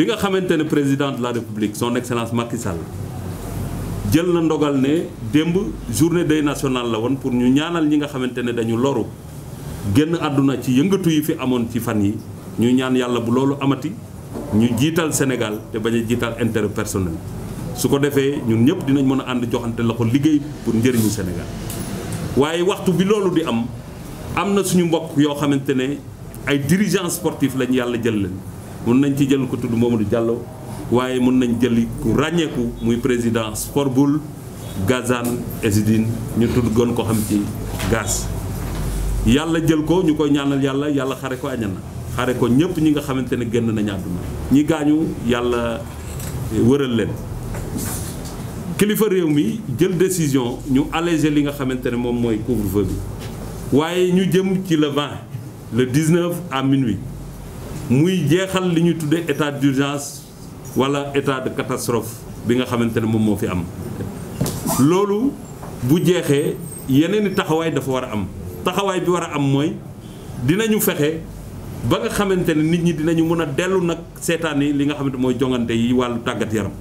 bi nga xamante ne président de la république son excellence Macky jël na ndogal ne démb journée day national la woon pour ñu ñaanal ñi nga xamante ne dañu loru génn àdduna ci yëngatu yi fi amoon ci fan yi ñuy ñaan yàlla bu loolu amati ñu jiital Sénégal te bañ jiital intérêt personnel su ko defee ñun ñëpp dinañ mën a ànd joxante la ko liggéey pour njëriñu Sénégal waaye waxtu bi loolu di am am na suñu mbokk yoo xamante ne ay dirigeants sportifs lañ yàlla jël leen. mun nañ ci jël ko tudd Mamadou Diallo waaye mun nañ jël ku ràññeeku muy président Sport Boule Gazan Ezidine ñu tudd gën ko xam ci gaz yàlla jël ko ñu koy ñaanal yàlla yàlla xare ko añana xare ko ñëpp ñi nga xamante ne génn nañu àdduna ñi gaañu yàlla wëral leen kilifa réew mi jël décision ñu alléger li nga xamante ne moom mooy couvre-feu bi waaye ñu jëm ci le 20 le 19 à minuit muy jeexal li ñuy tuddee état d'urgence wala état de catastrophe bi nga xamante ne moom moo fi am loolu bu jeexee yeneen i taxawaay dafa war a am taxawaay bi war a am mooy dinañu fexe ba nga xamante ne nit ñi dinañu mën a dellu nag seetaan li nga xamante mooy jongante yi wàllu tàggat yaram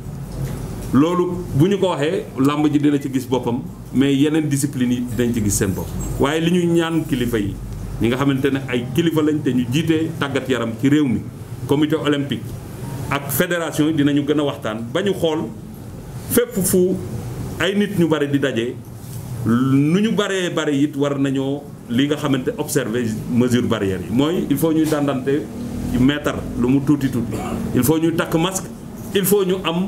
loolu bu ñu ko waxee làmb ji dina ci gis boppam mais yeneen discipline yi dinañ ci gis seen bopp waaye li ñuy ñaan kilifa yi ñi nga xamante ne ay kilifa lañ te ñu jiite tàggat yaram ci réew mi comité olympique ak fédération yi dinañu gën a waxtaan ba ñu xool fépp fu ay nit ñu bari di daje nu ñu baree bari it war nañoo li nga xamante observer mesure barrière yi mooy il faut ñuy dàndante mètre lu mu tuuti tuuti il faut ñuy takk masque il faut ñu am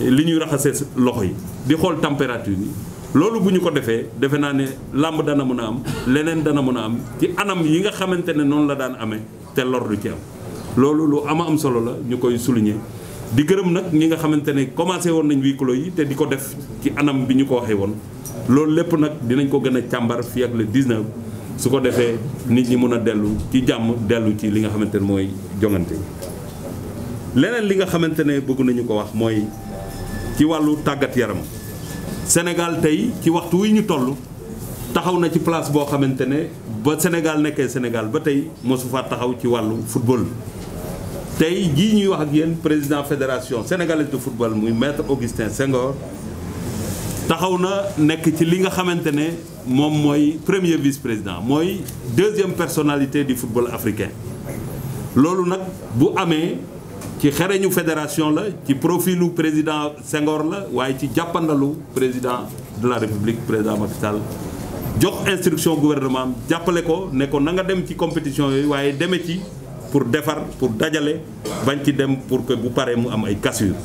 li ñuy raxasee loxo yi di xool température yi loolu bu ñu ko defee defe naa ne làmb dana mën a am leneen dana mën a am ci anam yi nga xamante ne noonu la daan amee te lor du ci am loolu lu am am solo la ñu koy souligner di gërëm nag ñi nga xamante ne commencé woon nañ huis clos yi te di ko def ci anam bi ñu ko waxee woon loolu lépp nag dinañ ko gën a càmbar fii ak le 19 su ko defee nit ñi mën a dellu ci jàmm dellu ci li nga xamante ne mooy jongante leneen li nga xamante ne bëgg nañu ko wax mooy ci wàllu tàggat yaram Sénégal tey ci waxtu wi ñu toll taxaw na ci place boo xamante ne ba Sénégal nekkee Sénégal ba tey mosu faa taxaw ci wàllu football. tey jii ñuy wax ak yéen président fédération sénégalaise de football muy maître Augustin Senghor taxaw na nekk ci li nga xamante ne moom mooy premier vice président mooy deuxième personnalité di football africain loolu nag bu amee. ci xereñu fédération la ci profiilu président Senghor la waaye ci jàppandalu président de la république président Macky Sall jox instruction gouvernement am jàppale ko ne ko na nga dem ci compétition yooyu waaye deme ci pour defar pour dajale bañ ci dem pour que bu paree mu am ay cassure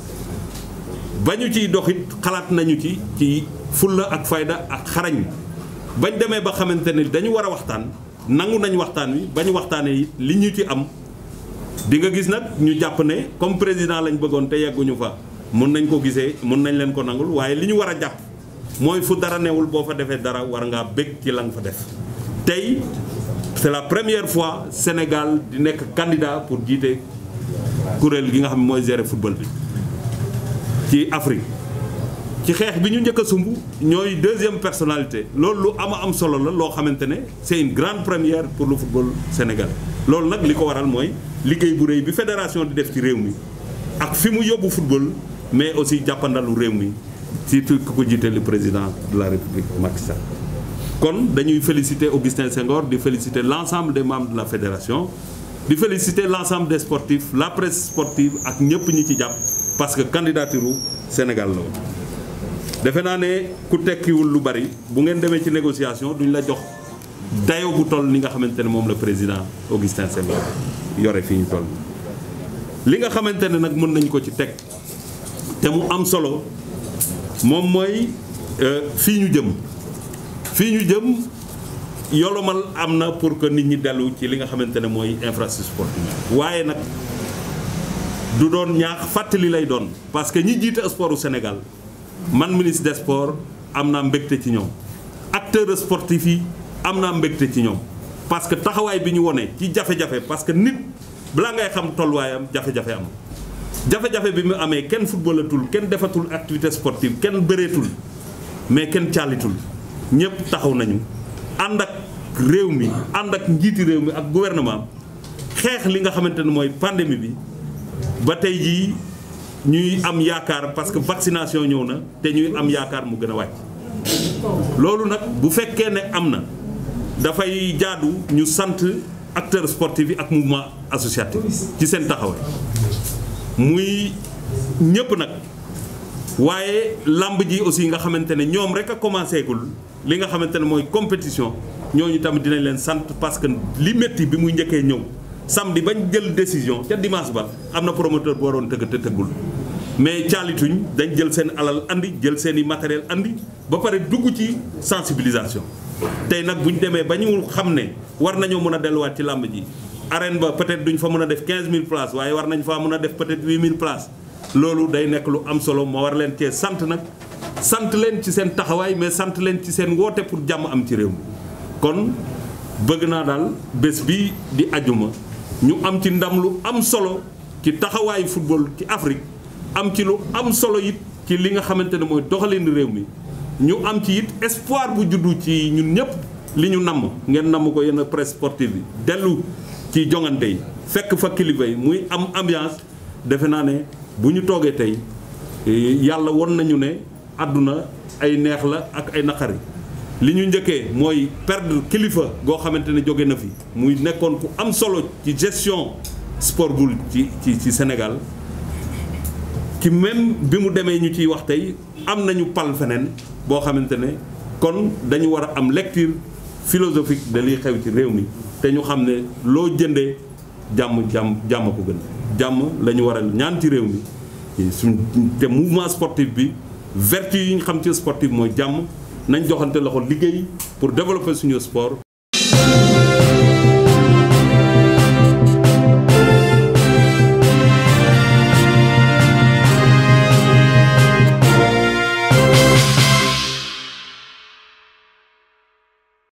bañu ñu ciy doxit xalaat nañu ci ci fulla ak fayda ak xarañ bañ demee ba xamante ni dañu war a waxtaan nangu nañ waxtaan wi bañ waxtaanee li ñu ci am di nga gis nag ñu jàpp ne comme président lañ bëggoon te yegguñu fa mun nañ ko gisee mun nañ leen ko nangul waaye li ñu war a jàpp mooy fu dara newul boo fa defee dara war ngaa bég ci la nga fa def tey c'est la première fois Sénégal di nekk candidat pour jiite kuréel gi nga xam ne mooy gérer football bi ci Afrique ci xeex bi ñu njëkk sumb ñooy deuxième personnalité loolu lu ama am solo la loo xamante ne c'est une grande première pour le football sénégalais loolu nag li ko waral mooy liggéey bu rëy bi fédération di def ci réew mi ak fi mu yóbbu football mais aussi jàppandalu réew mi surtout ku ko jiite le président de la république Macky Sall kon dañuy féliciter Augustin Senghor di féliciter l'ensemble des membres de la fédération di féliciter l'ensemble des sportifs la presse sportive ak ñëpp ñi ci jàpp parce que candidature u Sénégal defe naa ne ku tekkiwul lu bari bu ngeen demee ci négociation duñ la jox dayo bu toll ni nga xamante ne moom la président Augustin Senghor yore fii ñu toll li nga xamante ne nag mën nañ ko ci teg te mu am solo moom mooy euh, fii ñu jëm fii ñu jëm yolomal am na pour que nit ñi dellu ci li nga xamante ne mooy infrastructure sportive waaye nag du doon ñaax fàttali lay doon parce que ñi jiite sportu Sénégal man ministre des sports am naa mbégte ci ñoom acteurs sportifs yi am naa mbégte ci ñoom parce que taxawaay bi ñu wone ci jafe-jafe parce que nit balaa ngay xam tolluwaayam jafe-jafe am jafe-jafe bi mu amee kenn footballatul kenn defatul activité sportive kenn bëreetul mais kenn caalitul ñëpp taxaw nañu ànd ak réew mi ànd ak njiiti réew mi ak gouvernement xeex li nga xamante ne mooy pandémie bi ba tey jii ñuy am yaakaar parce que vaccination ñëw na te ñuy am yaakaar mu gën a wàcc loolu nag bu fekkee ne am na. dafay jaadu ñu sant acteur sportifs yi ak mouvement associatif ci seen taxawaay muy ñëpp nag waaye lamb ji aussi nga xamante ne ñoom rek a commencé gul li nga xamante ne mooy compétition ñooñu tamit dinañ leen sant parce que li métti bi muy njëkkee ñëw samedi bañ jël décision ca dimanche ba am na promoteur bu waroon tëgg te tëggul mais caalituñ dañ jël seen alal andi jël seen i matériel andi. ba pare dugg ci sensibilisation tey nag bu demee ba ñu xam ne war nañoo mën a delluwaat ci làmb ji arène ba peut-être duñ fa mën a def 15000 places waaye war nañ faa mën a def peut-être 8000 places loolu day nekk lu am solo moo war leen cee sant nag sant leen ci seen taxawaay mais sant leen ci seen woote pour jàmm am ci réew mi kon bëgg naa daal bés bi di ajuma ñu am ci ndam lu am solo ci taxawaayu football ci Afrique am ci lu am solo it ci li nga xamante ne mooy doxalin réew mi ñu am ci it espoir bu juddu ci ñun ñëpp li ñu namm ngeen namm ko yenn presse sportive bi dellu ci jongante yi fekk fa kilifa yi muy am ambiance defe naa ne bu ñu toogee tey yàlla won nañu ne àdduna ay neex la ak ay naqari li ñu njëkkee mooy perdre kilifa goo xamante ne jóge na fi muy nekkoon ku am solo ci gestion sport bul ci ci ci Sénégal ci bi mu demee ñu ciy wax tey am nañu pal feneen boo xamante ne kon dañu war a am lecture philosophique de liy xew ci réew mi te ñu xam ne loo jëndee jàmm jàmm jàmm ko gën jàmm la ñu war a ñaan ci réew mi suñ te mouvement sportif bi vertu yi ñu xam ci sportif mooy jàmm nañ joxante loxo liggéey pour développer suñu sport